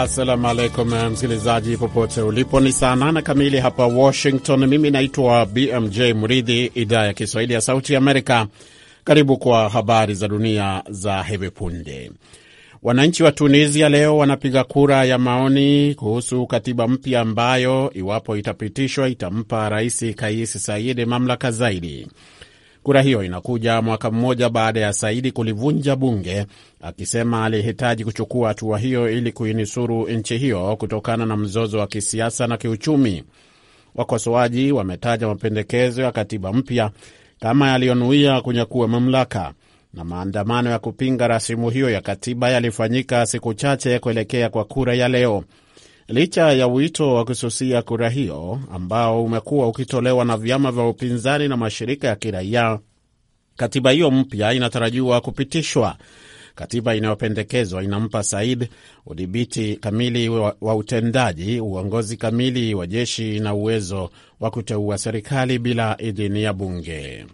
Assalamu alaikum eh, msikilizaji, popote ulipo, ni saa nane kamili hapa Washington. Mimi naitwa BMJ Muridhi, idhaa ya Kiswahili ya Sauti Amerika. Karibu kwa habari za dunia za hivi punde. Wananchi wa Tunisia leo wanapiga kura ya maoni kuhusu katiba mpya ambayo, iwapo itapitishwa, itampa Rais Kais Saied mamlaka zaidi. Kura hiyo inakuja mwaka mmoja baada ya Saidi kulivunja bunge akisema alihitaji kuchukua hatua hiyo ili kuinusuru nchi hiyo kutokana na mzozo wa kisiasa na kiuchumi. Wakosoaji wametaja mapendekezo ya katiba mpya kama yaliyonuia kunyakua mamlaka na maandamano ya kupinga rasimu hiyo ya katiba yalifanyika siku chache kuelekea kwa kura ya leo. Licha ya wito wa kususia kura hiyo ambao umekuwa ukitolewa na vyama vya upinzani na mashirika ya kiraia, katiba hiyo mpya inatarajiwa kupitishwa. Katiba inayopendekezwa inampa Said udhibiti kamili wa, wa utendaji, uongozi kamili wa jeshi na uwezo wa kuteua serikali bila idhini ya bunge.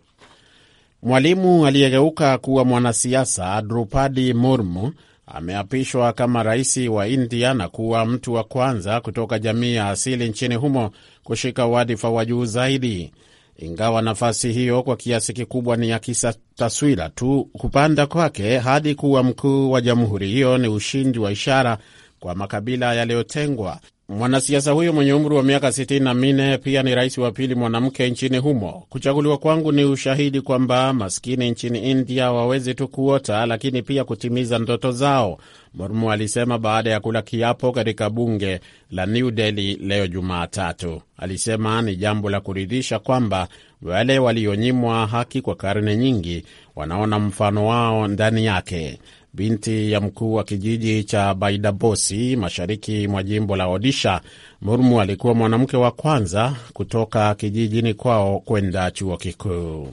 Mwalimu aliyegeuka kuwa mwanasiasa Drupadi Murmu ameapishwa kama rais wa India na kuwa mtu wa kwanza kutoka jamii ya asili nchini humo kushika wadhifa wa juu zaidi. Ingawa nafasi hiyo kwa kiasi kikubwa ni ya kisa taswira tu, kupanda kwake hadi kuwa mkuu wa jamhuri hiyo ni ushindi wa ishara kwa makabila yaliyotengwa Mwanasiasa huyo mwenye umri wa miaka 64 pia ni rais wa pili mwanamke nchini humo. Kuchaguliwa kwangu ni ushahidi kwamba maskini nchini India wawezi tu kuota, lakini pia kutimiza ndoto zao, Murmu alisema baada ya kula kiapo katika bunge la New Delhi leo Jumatatu. Alisema ni jambo la kuridhisha kwamba wale walionyimwa haki kwa karne nyingi wanaona mfano wao ndani yake binti ya mkuu wa kijiji cha Baidabosi mashariki mwa jimbo la Odisha. Murmu alikuwa mwanamke wa kwanza kutoka kijijini kwao kwenda chuo kikuu.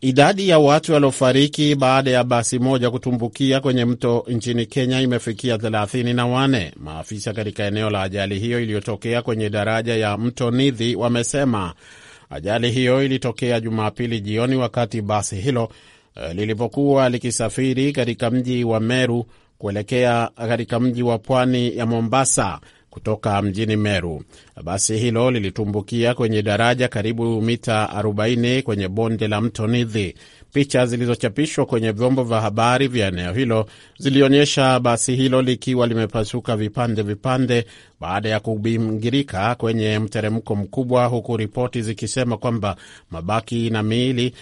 Idadi ya watu waliofariki baada ya basi moja kutumbukia kwenye mto nchini Kenya imefikia thelathini na wane. Maafisa katika eneo la ajali hiyo iliyotokea kwenye daraja ya mto Nithi wamesema ajali hiyo ilitokea Jumapili jioni wakati basi hilo Eh, lilipokuwa likisafiri katika mji wa Meru kuelekea katika mji wa pwani ya Mombasa kutoka mjini Meru. Basi hilo lilitumbukia kwenye daraja karibu mita 40 kwenye bonde la mto Nithi. Picha zilizochapishwa kwenye vyombo vya habari vya eneo hilo zilionyesha basi hilo likiwa limepasuka vipande vipande baada ya kubingirika kwenye mteremko mkubwa, huku ripoti zikisema kwamba mabaki na miili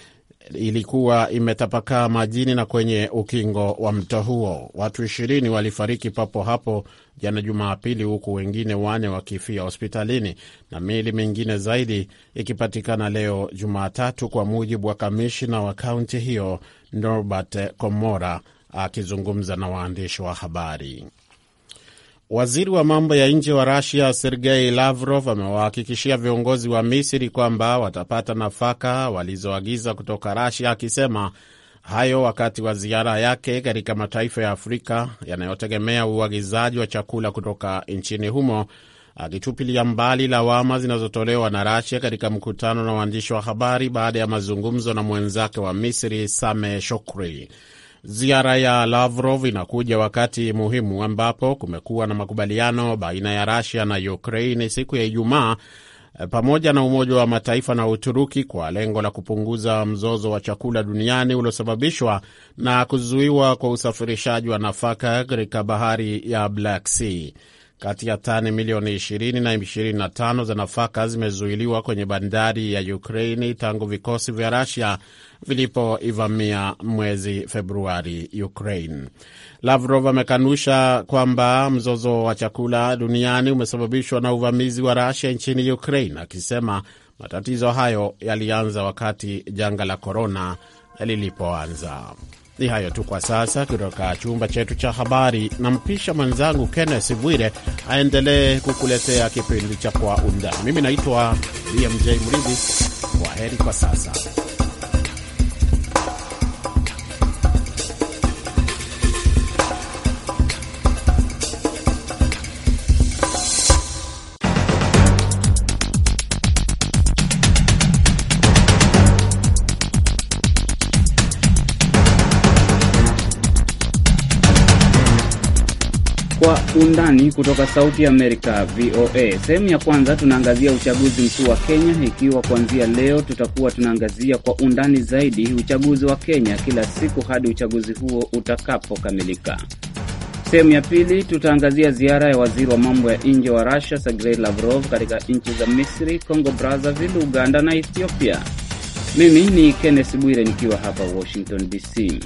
ilikuwa imetapakaa majini na kwenye ukingo wa mto huo. Watu ishirini walifariki papo hapo jana Jumapili, huku wengine wane wakifia hospitalini na miili mingine zaidi ikipatikana leo Jumatatu, kwa mujibu wa kamishna wa kaunti hiyo Norbert Komora akizungumza na waandishi wa habari. Waziri wa mambo ya nje wa Rusia Sergei Lavrov amewahakikishia viongozi wa Misri kwamba watapata nafaka walizoagiza kutoka Rusia, akisema hayo wakati wa ziara yake katika mataifa ya Afrika yanayotegemea uagizaji wa chakula kutoka nchini humo, akitupilia mbali lawama zinazotolewa na Rusia katika mkutano na waandishi wa habari baada ya mazungumzo na mwenzake wa Misri Sameh shokri Ziara ya Lavrov inakuja wakati muhimu ambapo kumekuwa na makubaliano baina ya Rusia na Ukraini siku ya Ijumaa eh, pamoja na Umoja wa Mataifa na Uturuki kwa lengo la kupunguza mzozo wa chakula duniani uliosababishwa na kuzuiwa kwa usafirishaji wa nafaka katika bahari ya Black Sea kati ya tani milioni 20 na 25 za nafaka zimezuiliwa kwenye bandari ya Ukraini tangu vikosi vya Rusia vilipoivamia mwezi Februari Ukraine. Lavrov amekanusha kwamba mzozo wa chakula duniani umesababishwa na uvamizi wa Rusia nchini Ukraine, akisema matatizo hayo yalianza wakati janga la korona lilipoanza. Ni hayo tu kwa sasa kutoka chumba chetu cha habari, na mpisha mwenzangu Kenneth Bwire aendelee kukuletea kipindi cha Kwa Undani. Mimi naitwa BMJ Mridhi. Kwa heri kwa sasa. undani kutoka Sauti ya Amerika, VOA. Sehemu ya kwanza tunaangazia uchaguzi mkuu wa Kenya, ikiwa kuanzia leo tutakuwa tunaangazia kwa undani zaidi uchaguzi wa Kenya kila siku hadi uchaguzi huo utakapokamilika. Sehemu ya pili tutaangazia ziara ya waziri wa mambo ya nje wa rusia Sergei Lavrov katika nchi za Misri, Congo Brazzaville, Uganda na Ethiopia. Mimi ni Kenneth Bwire nikiwa hapa Washington DC.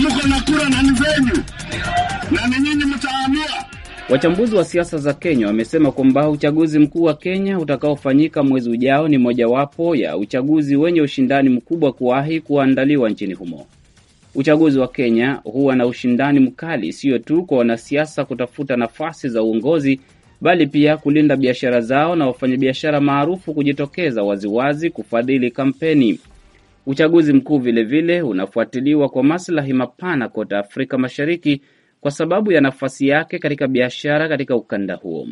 mko na kura na zenyu na ni nyinyi mtaamua. Wachambuzi wa siasa za Kenya wamesema kwamba uchaguzi mkuu wa Kenya utakaofanyika mwezi ujao ni mojawapo ya uchaguzi wenye ushindani mkubwa kuwahi kuandaliwa nchini humo. Uchaguzi wa Kenya huwa na ushindani mkali, sio tu kwa wanasiasa kutafuta nafasi za uongozi, bali pia kulinda biashara zao na wafanyabiashara maarufu kujitokeza waziwazi kufadhili kampeni. Uchaguzi mkuu vilevile unafuatiliwa kwa maslahi mapana kote Afrika Mashariki kwa sababu ya nafasi yake katika biashara katika ukanda huo.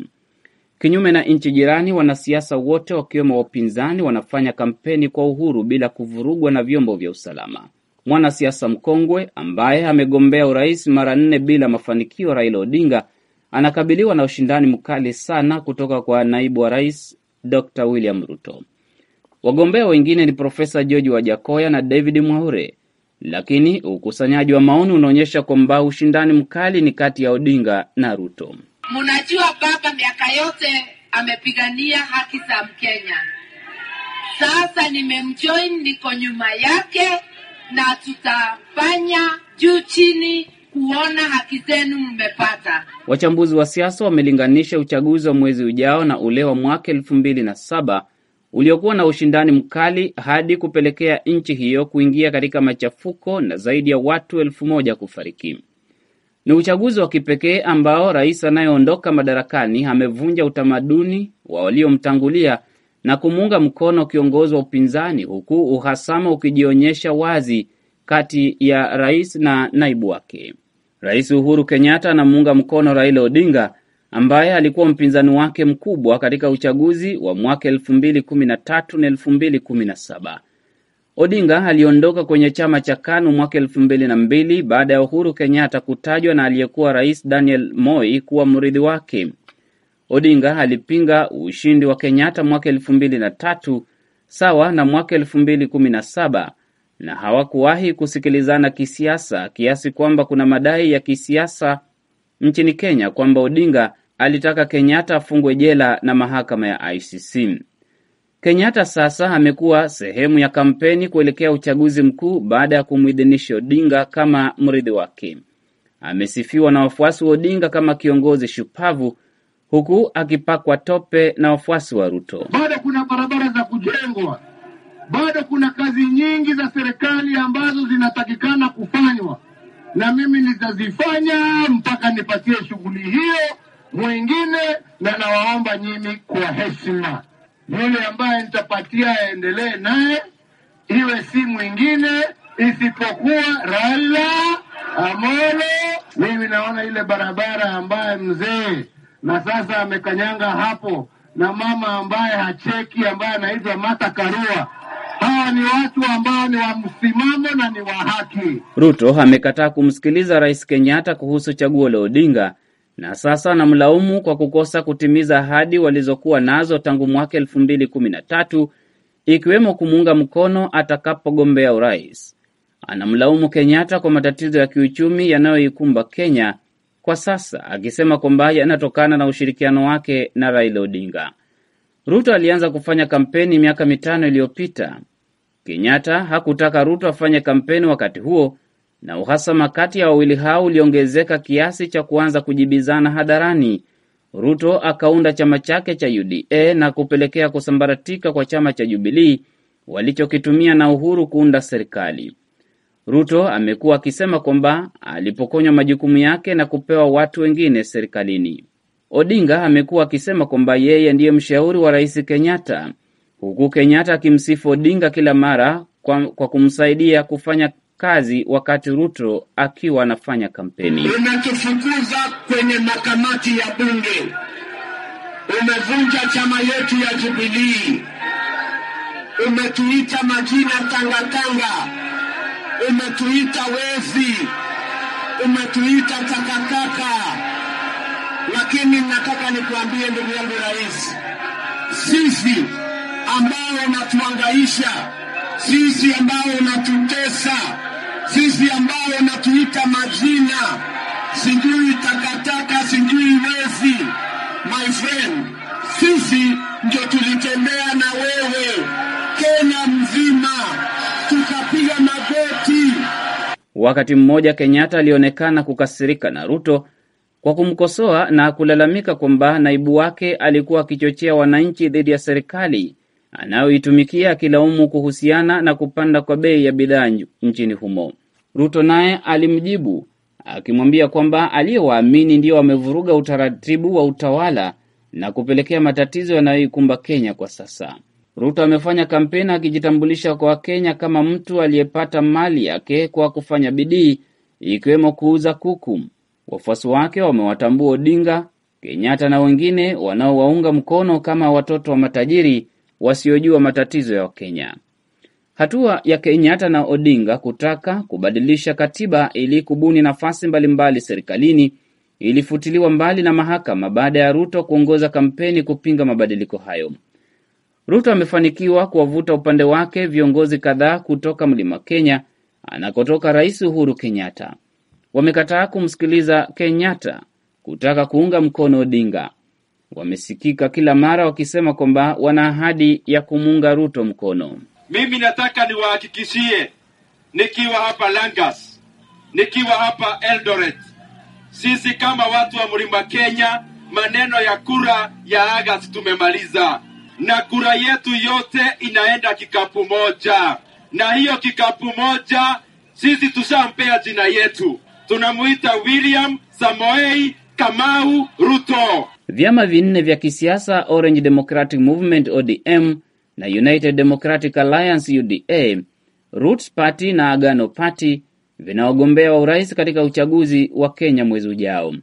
Kinyume na nchi jirani, wanasiasa wote wakiwemo wapinzani wanafanya kampeni kwa uhuru bila kuvurugwa na vyombo vya usalama. Mwanasiasa mkongwe ambaye amegombea urais mara nne bila mafanikio, Raila Odinga anakabiliwa na ushindani mkali sana kutoka kwa naibu wa rais Dr William Ruto. Wagombea wengine ni Profesa George Wajakoya na David Mwaure, lakini ukusanyaji wa maoni unaonyesha kwamba ushindani mkali ni kati ya Odinga na Ruto. munajua baba miaka yote amepigania haki za Mkenya. Sasa nimemjoin, niko nyuma yake na tutafanya juu chini kuona haki zenu mmepata. Wachambuzi wa siasa wamelinganisha uchaguzi wa mwezi ujao na ule wa mwaka elfu mbili na saba uliokuwa na ushindani mkali hadi kupelekea nchi hiyo kuingia katika machafuko na zaidi ya watu elfu moja kufariki. Ni uchaguzi wa kipekee ambao rais anayeondoka madarakani amevunja utamaduni wa waliomtangulia na kumuunga mkono kiongozi wa upinzani, huku uhasama ukijionyesha wazi kati ya rais na naibu wake. Rais Uhuru Kenyatta anamuunga mkono Raila Odinga ambaye alikuwa mpinzani wake mkubwa katika uchaguzi wa mwaka 2013 na 2017. Odinga aliondoka kwenye chama cha KANU mwaka 2002 baada ya Uhuru Kenyatta kutajwa na aliyekuwa rais Daniel Moi kuwa mrithi wake. Odinga alipinga ushindi wa Kenyatta mwaka 2003 sawa na mwaka 2017 na hawakuwahi kusikilizana kisiasa kiasi kwamba kuna madai ya kisiasa nchini Kenya kwamba Odinga alitaka Kenyatta afungwe jela na mahakama ya ICC. Kenyatta sasa amekuwa sehemu ya kampeni kuelekea uchaguzi mkuu baada ya kumwidhinisha Odinga kama mrithi wake. Amesifiwa na wafuasi wa Odinga kama kiongozi shupavu, huku akipakwa tope na wafuasi wa Ruto. Bado kuna barabara za kujengwa, bado kuna kazi nyingi za serikali ambazo zinatakikana kufanywa, na mimi nitazifanya mpaka nipatie shughuli hiyo mwingine, na nawaomba nyinyi kwa heshima, yule ambaye nitapatia aendelee naye iwe si mwingine isipokuwa Raila Amolo. Mimi naona ile barabara ambaye mzee na sasa amekanyanga hapo na mama ambaye hacheki ambaye anaitwa mata Karua, hawa ni watu ambao ni wa msimamo na ni wa haki. Ruto amekataa kumsikiliza Rais Kenyatta kuhusu chaguo la Odinga na sasa anamlaumu kwa kukosa kutimiza ahadi walizokuwa nazo tangu mwaka elfu mbili kumi na tatu ikiwemo kumuunga mkono atakapogombea urais. Anamlaumu Kenyatta kwa matatizo ya kiuchumi yanayoikumba Kenya kwa sasa, akisema kwamba yanatokana na ushirikiano wake na Raila Odinga. Ruto alianza kufanya kampeni miaka mitano iliyopita. Kenyatta hakutaka Ruto afanye kampeni wakati huo na uhasama kati ya wawili hao uliongezeka kiasi cha kuanza kujibizana hadharani. Ruto akaunda chama chake cha UDA na kupelekea kusambaratika kwa chama cha Jubilii walichokitumia na Uhuru kuunda serikali. Ruto amekuwa akisema kwamba alipokonywa majukumu yake na kupewa watu wengine serikalini. Odinga amekuwa akisema kwamba yeye ndiye mshauri wa Rais Kenyatta, huku Kenyatta akimsifu Odinga kila mara kwa, kwa kumsaidia kufanya kazi wakati Ruto akiwa anafanya kampeni. Umetufukuza kwenye makamati ya bunge, umevunja chama yetu ya Jubilii, umetuita majina tangatanga, umetuita wezi, umetuita takataka. Lakini nataka nikuambie ndugu yangu rais, sisi ambao unatuangaisha, sisi ambao unatutesa sisi ambao natuita majina, sijui takataka, sijui wezi. My friend, sisi ndio tulitembea na wewe Kenya mzima, tukapiga magoti. Wakati mmoja Kenyatta alionekana kukasirika na Ruto kwa kumkosoa na kulalamika kwamba naibu wake alikuwa akichochea wananchi dhidi ya serikali anayoitumikia akilaumu kuhusiana na kupanda kwa bei ya bidhaa nchini humo. Ruto naye alimjibu akimwambia kwamba aliyewaamini ndio wamevuruga utaratibu wa utawala na kupelekea matatizo yanayoikumba Kenya kwa sasa. Ruto amefanya kampeni akijitambulisha kwa Wakenya kama mtu aliyepata mali yake kwa kufanya bidii, ikiwemo kuuza kuku. Wafuasi wake wamewatambua Odinga, Kenyatta na wengine wanaowaunga mkono kama watoto wa matajiri wasiojua matatizo ya Wakenya. Hatua ya Kenyatta na Odinga kutaka kubadilisha katiba ili kubuni nafasi mbalimbali serikalini ilifutiliwa mbali na mahakama baada ya Ruto kuongoza kampeni kupinga mabadiliko hayo. Ruto amefanikiwa kuwavuta upande wake viongozi kadhaa kutoka Mlima Kenya anakotoka Rais Uhuru Kenyatta. Wamekataa kumsikiliza Kenyatta kutaka kuunga mkono Odinga wamesikika kila mara wakisema kwamba wana ahadi ya kumuunga Ruto mkono. Mimi nataka niwahakikishie, nikiwa hapa Langas, nikiwa hapa Eldoret, sisi kama watu wa mlima Kenya, maneno ya kura ya Agas tumemaliza, na kura yetu yote inaenda kikapu moja, na hiyo kikapu moja sisi tushampea jina yetu, tunamuita William Samoei Kamau Ruto. Vyama vinne vya kisiasa Orange Democratic Movement ODM na United Democratic Alliance UDA, Roots Party na Agano Party vinaogombea wa urais katika uchaguzi wa Kenya mwezi ujao.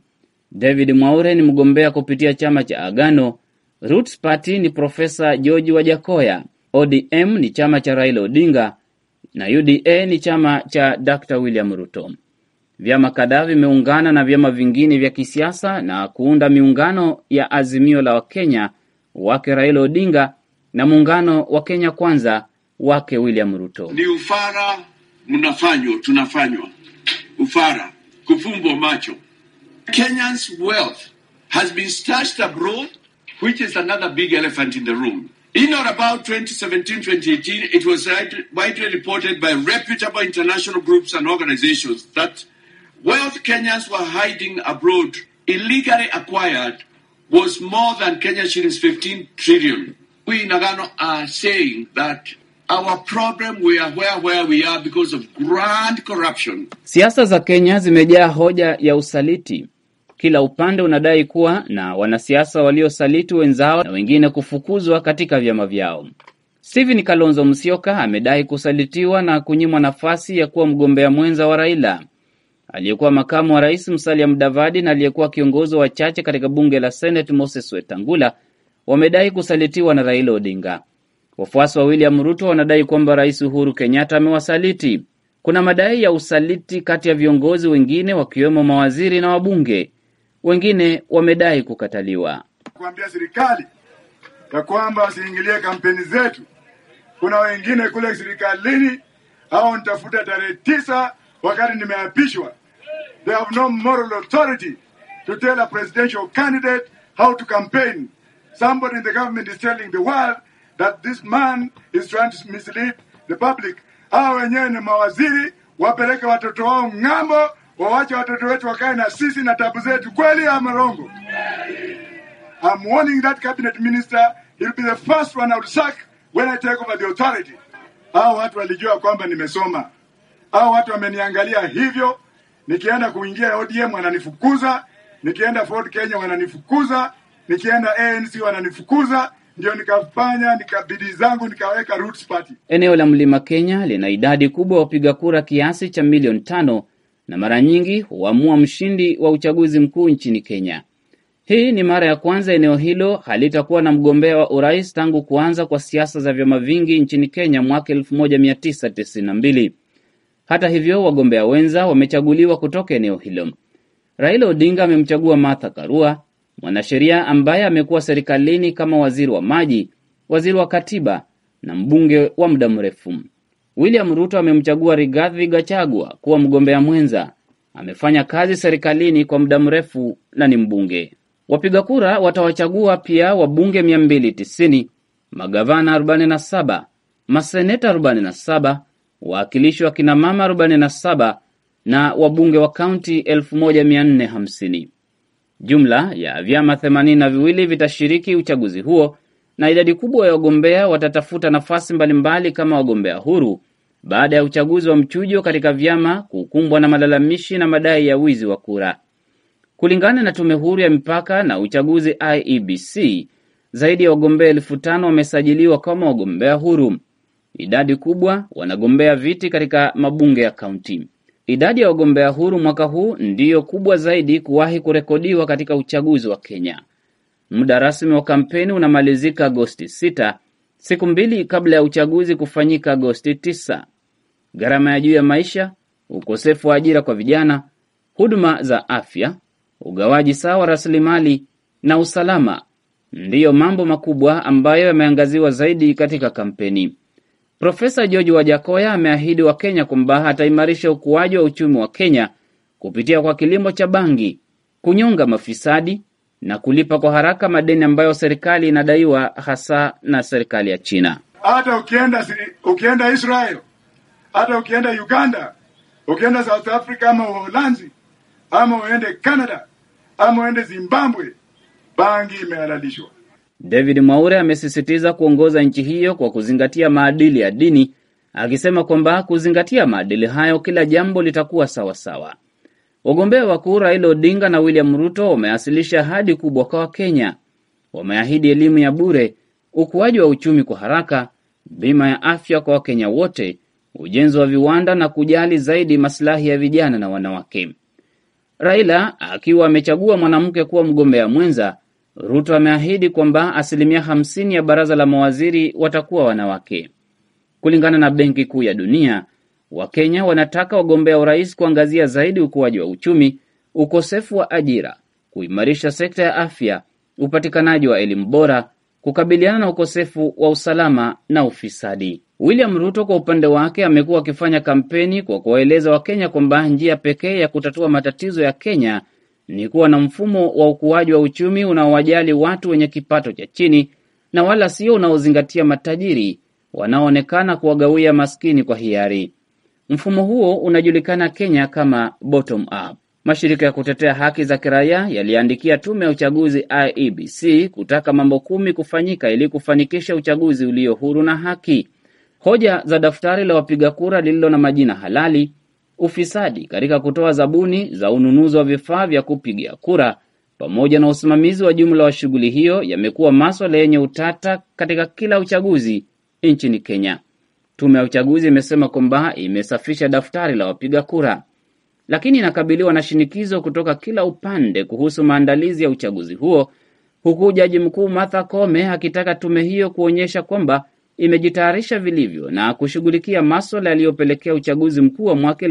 David Mwaure ni mgombea kupitia chama cha Agano. Roots Party ni Profesa George Wajakoya. ODM ni chama cha Raila Odinga na UDA ni chama cha Dr. William Ruto. Vyama kadhaa vimeungana na vyama vingine vya kisiasa na kuunda miungano ya Azimio la Wakenya wake Raila Odinga na muungano wa Kenya Kwanza wake William Ruto. Ni ufara mnafanywa, tunafanywa ufara, kufumbwa macho. wealth has been stashed abroad, which is another big elephant in the room. In or about 2017, 2018, it was widely reported by reputable international groups and organizations that wealth Kenyans were hiding abroad, illegally acquired, was more than Kenya shillings 15 trillion. We in Agano are saying that Our problem, we are where, where we are because of grand corruption. Siasa za Kenya zimejaa hoja ya usaliti. Kila upande unadai kuwa na wanasiasa waliosaliti wenzao na wengine kufukuzwa katika vyama vyao. Stephen Kalonzo Musyoka amedai kusalitiwa na kunyimwa nafasi ya kuwa mgombea mwenza wa Raila aliyekuwa makamu wa rais Musalia Mudavadi na aliyekuwa kiongozi wa wachache katika bunge la Senate Moses Wetangula wamedai kusalitiwa na Raila Odinga. Wafuasi wa William Ruto wanadai kwamba Rais Uhuru Kenyatta amewasaliti. Kuna madai ya usaliti kati ya viongozi wengine wakiwemo mawaziri na wabunge. Wengine wamedai kukataliwa, kuambia serikali ya kwamba wasiingilie kampeni zetu. Kuna wengine kule serikalini, hao nitafuta tarehe tisa wakati nimeapishwa They have no moral authority to tell a presidential candidate how to campaign. Somebody in the government is telling the world that this man is trying to mislead the public. Hawa wenyewe ni mawaziri, wapeleke watoto wao ng'ambo, wawache watoto wetu wakae na sisi na tabu zetu. Kweli ama rongo? I'm warning that cabinet minister, he'll be the first one I will sack when I take over the authority. Hao watu walijua kwamba nimesoma, hao watu wameniangalia hivyo nikienda kuingia ODM wananifukuza, nikienda Ford Kenya wananifukuza, nikienda ANC wananifukuza. Ndio nikafanya nikabidi zangu nikaweka Roots Party. Eneo la Mlima Kenya lina idadi kubwa ya wapiga kura kiasi cha milioni tano na mara nyingi huamua mshindi wa uchaguzi mkuu nchini Kenya. Hii ni mara ya kwanza eneo hilo halitakuwa na mgombea wa urais tangu kuanza kwa siasa za vyama vingi nchini Kenya mwaka 1992. Hata hivyo, wagombea wenza wamechaguliwa kutoka eneo hilo. Raila Odinga amemchagua Martha Karua, mwanasheria ambaye amekuwa serikalini kama waziri wa maji, waziri wa katiba na mbunge wa muda mrefu. William Ruto amemchagua Rigathi Gachagua kuwa mgombea mwenza. Amefanya kazi serikalini kwa muda mrefu na ni mbunge. Wapiga kura watawachagua pia wabunge 290, magavana 47, maseneta 47 wawakilishi wa kinamama 47 na wabunge wa kaunti 1450. Jumla ya vyama themanini na viwili vitashiriki uchaguzi huo na idadi kubwa ya wagombea watatafuta nafasi mbalimbali kama wagombea huru baada ya uchaguzi wa mchujo katika vyama kukumbwa na malalamishi na madai ya wizi wa kura. Kulingana na tume huru ya mipaka na uchaguzi IEBC, zaidi ya wagombea elfu tano wamesajiliwa kama wagombea huru idadi kubwa wanagombea viti katika mabunge ya kaunti. Idadi ya wagombea huru mwaka huu ndiyo kubwa zaidi kuwahi kurekodiwa katika uchaguzi wa Kenya. Muda rasmi wa kampeni unamalizika Agosti 6, siku mbili kabla ya uchaguzi kufanyika Agosti 9. Gharama ya juu ya maisha, ukosefu wa ajira kwa vijana, huduma za afya, ugawaji sawa wa rasilimali na usalama ndiyo mambo makubwa ambayo yameangaziwa zaidi katika kampeni. Profesa George Wajakoya ameahidi Wakenya kwamba ataimarisha ukuaji wa uchumi wa Kenya kupitia kwa kilimo cha bangi, kunyonga mafisadi na kulipa kwa haraka madeni ambayo serikali inadaiwa hasa na serikali ya China. Hata ukienda, ukienda Israel, hata ukienda Uganda, ukienda South Africa ama Uholanzi ama uende Canada ama uende Zimbabwe, bangi imehalalishwa. David mwaure amesisitiza kuongoza nchi hiyo kwa kuzingatia maadili ya dini, akisema kwamba kuzingatia maadili hayo kila jambo litakuwa sawasawa. Wagombea wakuu Raila Odinga na William Ruto wamewasilisha ahadi kubwa kwa Wakenya. Wameahidi elimu ya bure, ukuaji wa uchumi kwa haraka, bima ya afya kwa Wakenya wote, ujenzi wa viwanda na kujali zaidi masilahi ya vijana na wanawake. Raila akiwa amechagua mwanamke kuwa mgombea mwenza Ruto ameahidi kwamba asilimia 50 ya baraza la mawaziri watakuwa wanawake. Kulingana na Benki Kuu ya Dunia, Wakenya wanataka wagombea urais kuangazia zaidi ukuaji wa uchumi, ukosefu wa ajira, kuimarisha sekta ya afya, upatikanaji wa elimu bora, kukabiliana na ukosefu wa usalama na ufisadi. William Ruto kwa upande wake amekuwa akifanya kampeni kwa kuwaeleza Wakenya kwamba njia pekee ya kutatua matatizo ya Kenya ni kuwa na mfumo wa ukuaji wa uchumi unaowajali watu wenye kipato cha chini na wala sio unaozingatia matajiri wanaoonekana kuwagawia maskini kwa hiari. Mfumo huo unajulikana Kenya kama bottom up. Mashirika ya kutetea haki za kiraia yaliandikia tume ya uchaguzi IEBC kutaka mambo kumi kufanyika ili kufanikisha uchaguzi ulio huru na haki. Hoja za daftari la wapiga kura lililo na majina halali ufisadi katika kutoa zabuni za ununuzi wa vifaa vya kupiga kura pamoja na usimamizi wa jumla wa shughuli hiyo yamekuwa maswala yenye utata katika kila uchaguzi nchini Kenya. Tume ya uchaguzi imesema kwamba imesafisha daftari la wapiga kura, lakini inakabiliwa na shinikizo kutoka kila upande kuhusu maandalizi ya uchaguzi huo, huku jaji mkuu Martha Koome akitaka tume hiyo kuonyesha kwamba imejitayarisha vilivyo na kushughulikia maswala yaliyopelekea uchaguzi mkuu wa mwaka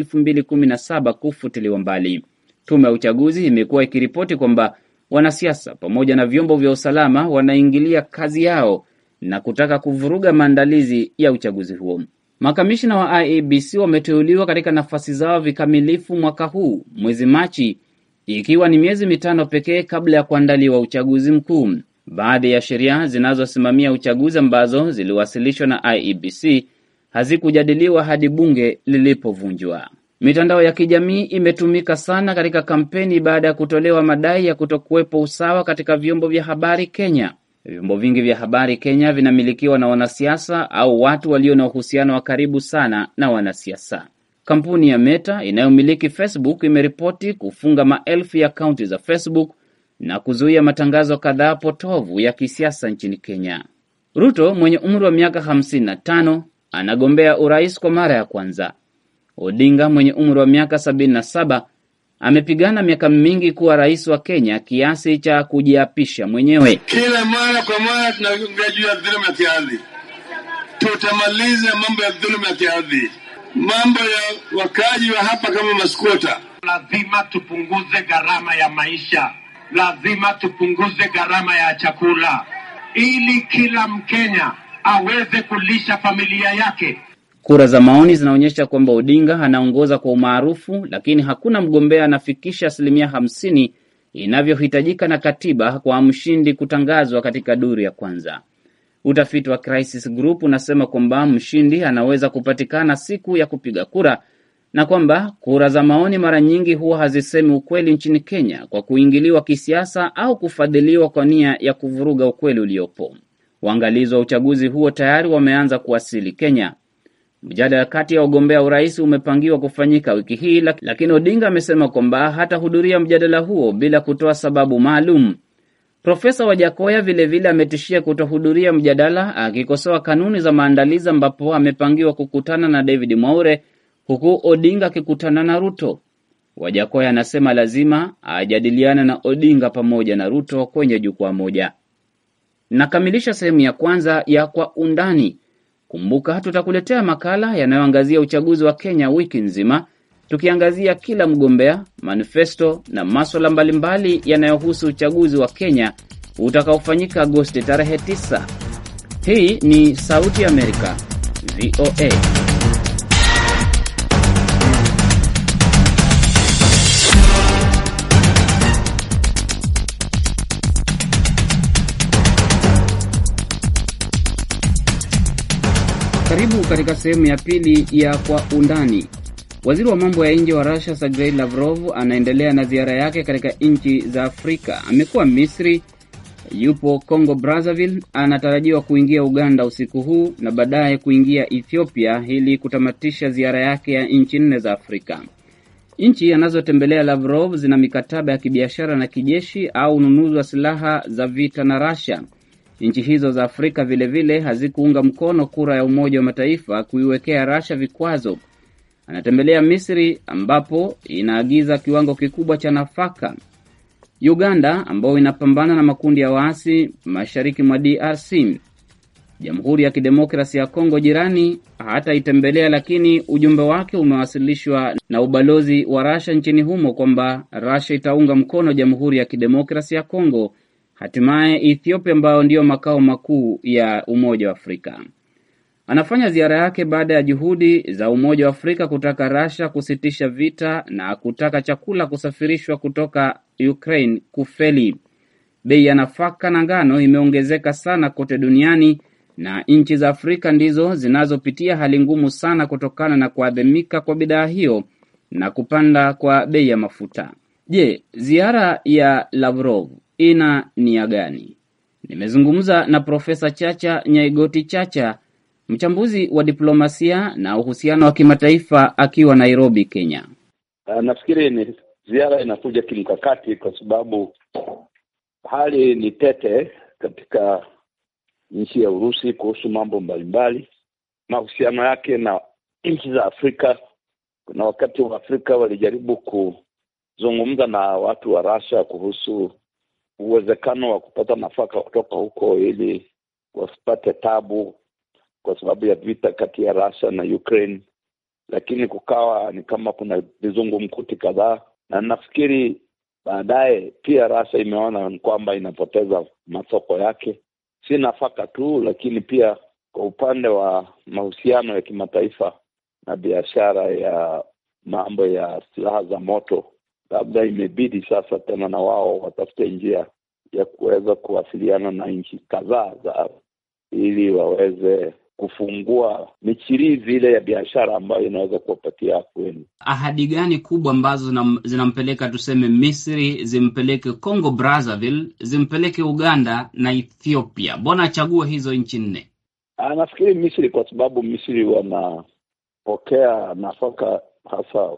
saba kufutiliwa mbali. Tume ya uchaguzi imekuwa ikiripoti kwamba wanasiasa pamoja na vyombo vya usalama wanaingilia kazi yao na kutaka kuvuruga maandalizi ya uchaguzi huo. Makamishina wa IEBC wameteuliwa katika nafasi zao vikamilifu mwaka huu mwezi Machi, ikiwa ni miezi mitano pekee kabla ya kuandaliwa uchaguzi mkuu. Baadhi ya sheria zinazosimamia uchaguzi ambazo ziliwasilishwa na IEBC hazikujadiliwa hadi bunge lilipovunjwa. Mitandao ya kijamii imetumika sana katika kampeni baada ya kutolewa madai ya kutokuwepo usawa katika vyombo vya habari Kenya. Vyombo vingi vya habari Kenya vinamilikiwa na wanasiasa au watu walio na uhusiano wa karibu sana na wanasiasa. Kampuni ya Meta inayomiliki Facebook imeripoti kufunga maelfu ya akaunti za Facebook na kuzuia matangazo kadhaa potovu ya kisiasa nchini Kenya. Ruto mwenye umri wa miaka 55 anagombea urais kwa mara ya kwanza. Odinga mwenye umri wa miaka 77 amepigana miaka mingi kuwa rais wa Kenya kiasi cha kujiapisha mwenyewe. Kila mara kwa mara tunaongea juu ya dhuluma ya kiardhi, tutamaliza mambo ya dhuluma ya kiardhi, mambo ya wakaji wa hapa kama maskota. Lazima tupunguze gharama ya maisha lazima tupunguze gharama ya chakula ili kila Mkenya aweze kulisha familia yake. Kura za maoni zinaonyesha kwamba Odinga anaongoza kwa umaarufu, lakini hakuna mgombea anafikisha asilimia hamsini inavyohitajika na katiba kwa mshindi kutangazwa katika duru ya kwanza. Utafiti wa Crisis Group unasema kwamba mshindi anaweza kupatikana siku ya kupiga kura na kwamba kura za maoni mara nyingi huwa hazisemi ukweli nchini Kenya kwa kuingiliwa kisiasa au kufadhiliwa kwa nia ya kuvuruga ukweli uliopo. Waangalizi wa uchaguzi huo tayari wameanza kuwasili Kenya. Mjadala kati ya wagombea urais umepangiwa kufanyika wiki hii, lakini Odinga amesema kwamba hatahudhuria mjadala huo bila kutoa sababu maalum. Profesa Wajakoya vilevile ametishia kutohudhuria mjadala, akikosoa kanuni za maandalizi, ambapo amepangiwa kukutana na David Mwaure huku Odinga akikutana na Ruto. Wajakoya anasema lazima ajadiliana na Odinga pamoja na Ruto kwenye jukwaa moja. Nakamilisha sehemu ya kwanza ya Kwa Undani. Kumbuka, tutakuletea makala yanayoangazia uchaguzi wa Kenya wiki nzima, tukiangazia kila mgombea, manifesto na maswala mbalimbali yanayohusu uchaguzi wa Kenya utakaofanyika Agosti tarehe 9. Hii ni Sauti ya Amerika, VOA. Karibu katika sehemu ya pili ya Kwa Undani. Waziri wa mambo ya nje wa Russia Sergei Lavrov anaendelea na ziara yake katika nchi za Afrika. Amekuwa Misri, yupo Congo Brazzaville, anatarajiwa kuingia Uganda usiku huu na baadaye kuingia Ethiopia ili kutamatisha ziara yake ya nchi nne za Afrika. Nchi anazotembelea Lavrov zina mikataba ya kibiashara na kijeshi au ununuzi wa silaha za vita na rasia Nchi hizo za Afrika vilevile hazikuunga mkono kura ya Umoja wa Mataifa kuiwekea Rasha vikwazo. Anatembelea Misri ambapo inaagiza kiwango kikubwa cha nafaka. Uganda ambayo inapambana na makundi ya waasi mashariki mwa DRC. Jamhuri ya Kidemokrasi ya Kongo jirani hataitembelea, lakini ujumbe wake umewasilishwa na ubalozi wa Rasha nchini humo kwamba Rasha itaunga mkono Jamhuri ya Kidemokrasi ya Kongo hatimaye Ethiopia ambayo ndiyo makao makuu ya Umoja wa Afrika. Anafanya ziara yake baada ya juhudi za Umoja wa Afrika kutaka Rasha kusitisha vita na kutaka chakula kusafirishwa kutoka Ukraine kufeli. Bei ya nafaka na ngano imeongezeka sana kote duniani na nchi za Afrika ndizo zinazopitia hali ngumu sana kutokana na kuadhimika kwa bidhaa hiyo na kupanda kwa bei ya mafuta. Je, ziara ya Lavrov ina nia gani? Nimezungumza na Profesa Chacha Nyaigoti Chacha, mchambuzi wa diplomasia na uhusiano wa kimataifa, akiwa Nairobi, Kenya. Ah, nafikiri ni ziara inakuja kimkakati kwa sababu hali ni tete katika nchi ya Urusi kuhusu mambo mbalimbali, mahusiano yake na nchi za Afrika. Kuna wakati wa Afrika walijaribu kuzungumza na watu wa Russia kuhusu uwezekano wa kupata nafaka kutoka huko ili wasipate tabu kwa sababu ya vita kati ya Russia na Ukraine, lakini kukawa ni kama kuna vizungumkuti kadhaa, na nafikiri baadaye pia Russia imeona kwamba inapoteza masoko yake, si nafaka tu, lakini pia kwa upande wa mahusiano ya kimataifa na biashara ya mambo ya silaha za moto labda imebidi sasa tena na wao watafute njia ya kuweza kuwasiliana na nchi kadhaa za ili waweze kufungua michirizi ile ya biashara ambayo inaweza kuwapatia afueni. Ahadi gani kubwa ambazo zinampeleka tuseme Misri zimpeleke Congo Brazzaville zimpeleke Uganda na Ethiopia? Mbona achague hizo nchi nne? Ah, nafikiri Misri kwa sababu Misri wanapokea nafaka hasa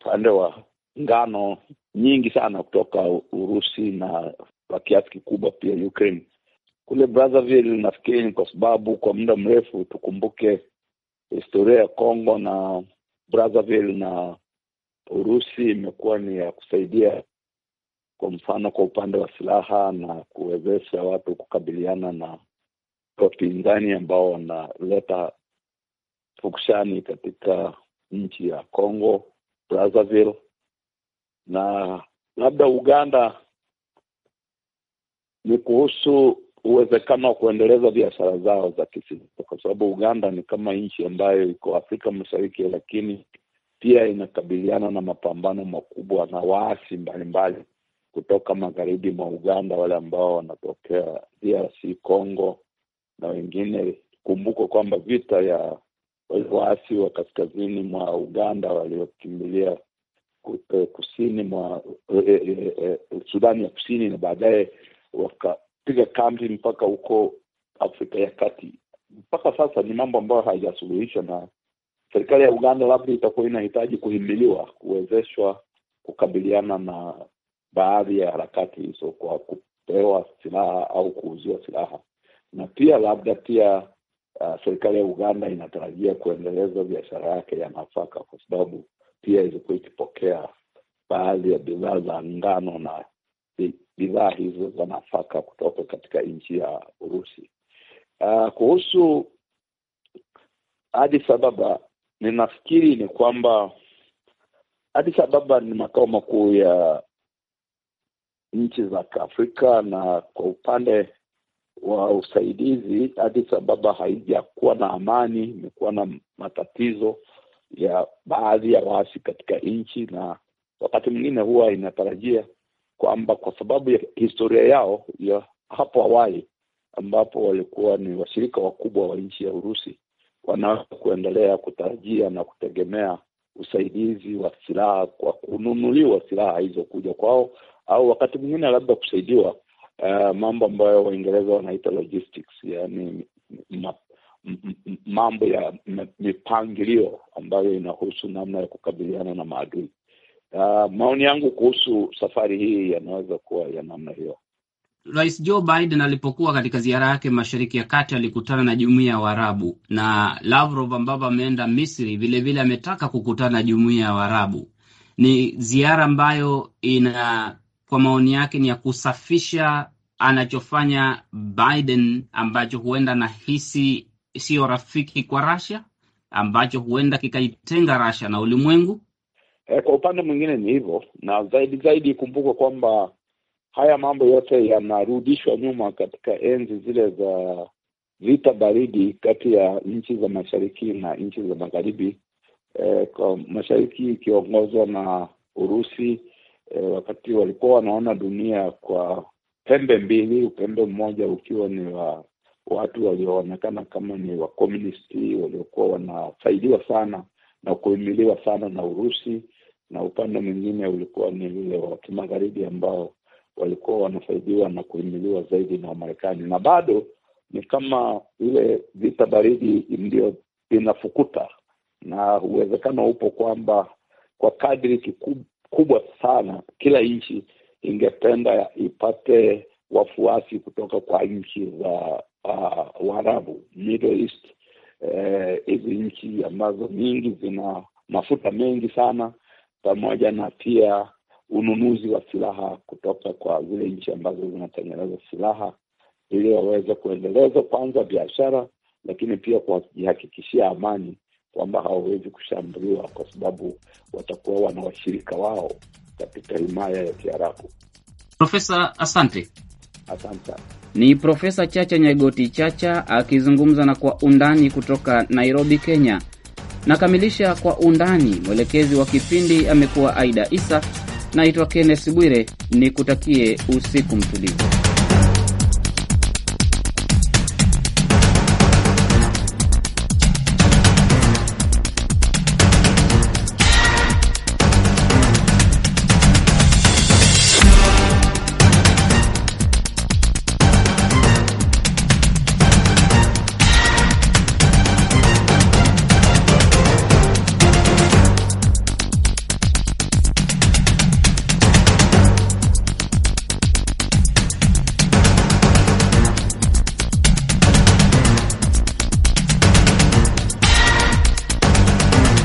upande wa ngano nyingi sana kutoka Urusi na kwa kiasi kikubwa pia Ukraine. Kule Brazzaville nafikiri ni kwa sababu kwa muda mrefu, tukumbuke historia ya congo na Brazzaville na Urusi imekuwa ni ya kusaidia, kwa mfano, kwa upande wa silaha na kuwezesha watu kukabiliana na wapinzani ambao wanaleta fukshani katika nchi ya Congo Brazzaville na labda Uganda ni kuhusu uwezekano wa kuendeleza biashara zao za kisiasa, kwa sababu Uganda ni kama nchi ambayo iko Afrika Mashariki, lakini pia inakabiliana na mapambano makubwa na waasi mbalimbali kutoka magharibi mwa Uganda, wale ambao wanatokea DRC Congo na wengine. Kumbuko kwamba vita ya waasi wa kaskazini mwa Uganda waliokimbilia Eh, kusini mwa eh, eh, eh, Sudani ya kusini na baadaye wakapiga kambi mpaka huko Afrika ya kati. Mpaka sasa ni mambo ambayo hayajasuluhishwa, na serikali ya Uganda labda itakuwa inahitaji kuhimiliwa, kuwezeshwa kukabiliana na baadhi ya harakati hizo kwa kupewa silaha au kuuziwa silaha, na pia labda pia uh, serikali ya Uganda inatarajia kuendeleza biashara yake ya nafaka kwa sababu pia ilikuwa ikipokea baadhi ya bidhaa za ngano na bidhaa hizo za nafaka kutoka katika nchi ya Urusi. Uh, kuhusu Addis Ababa, ninafikiri ni kwamba Addis Ababa ni makao makuu ya nchi za Afrika na kwa upande wa usaidizi. Addis Ababa haijakuwa na amani, imekuwa na matatizo ya baadhi ya waasi katika nchi, na wakati mwingine huwa inatarajia kwamba kwa sababu ya historia yao ya hapo awali ambapo walikuwa ni washirika wakubwa wa nchi ya Urusi, wanaweza kuendelea kutarajia na kutegemea usaidizi wa silaha kwa kununuliwa silaha hizo kuja kwao, au wakati mwingine labda kusaidiwa uh, mambo ambayo Waingereza wanaita logistics, yaani mambo ya mipangilio ambayo inahusu namna ya kukabiliana na maadui. Uh, maoni yangu kuhusu safari hii yanaweza kuwa ya namna hiyo. Rais Joe Biden alipokuwa katika ziara yake Mashariki ya Kati alikutana na jumuiya ya Waarabu na Lavrov ambapo ameenda Misri vilevile ametaka kukutana na jumuiya ya Waarabu. Ni ziara ambayo ina kwa maoni yake ni ya kusafisha anachofanya Biden ambacho huenda nahisi siyo rafiki kwa Russia, ambacho huenda kikaitenga Russia na ulimwengu. E, kwa upande mwingine ni hivyo, na zaidi zaidi ikumbukwe kwamba haya mambo yote yanarudishwa nyuma katika enzi zile za vita baridi kati ya nchi za mashariki na nchi za magharibi. E, kwa mashariki ikiongozwa na Urusi e, wakati walikuwa wanaona dunia kwa pembe mbili, upembe mmoja ukiwa ni wa watu walioonekana kama ni wakomunisti waliokuwa wanafaidiwa sana na kuhimiliwa sana na Urusi, na upande mwingine ulikuwa ni ule wa kimagharibi ambao walikuwa wanafaidiwa na kuhimiliwa zaidi na Wamarekani, na bado ni kama ile vita baridi ndio inafukuta, na uwezekano upo kwamba kwa kadri kubwa sana. Kila nchi ingependa ipate wafuasi kutoka kwa nchi za uh, Waarabu, Middle East. Eh, hizi eh, nchi ambazo nyingi zina mafuta mengi sana, pamoja na pia ununuzi wa silaha kutoka kwa zile nchi ambazo zinatengeneza silaha, ili waweze kuendeleza kwanza biashara, lakini pia kwa kujihakikishia amani kwamba hawawezi kushambuliwa kwa sababu watakuwa wana washirika wao katika himaya ya Kiarabu. Profesa, asante. Asante Ni Profesa Chacha Nyagoti Chacha akizungumza na Kwa Undani kutoka Nairobi, Kenya. Nakamilisha Kwa Undani. Mwelekezi wa kipindi amekuwa Aida Isa. Naitwa Kenneth Bwire, nikutakie usiku mtulivu.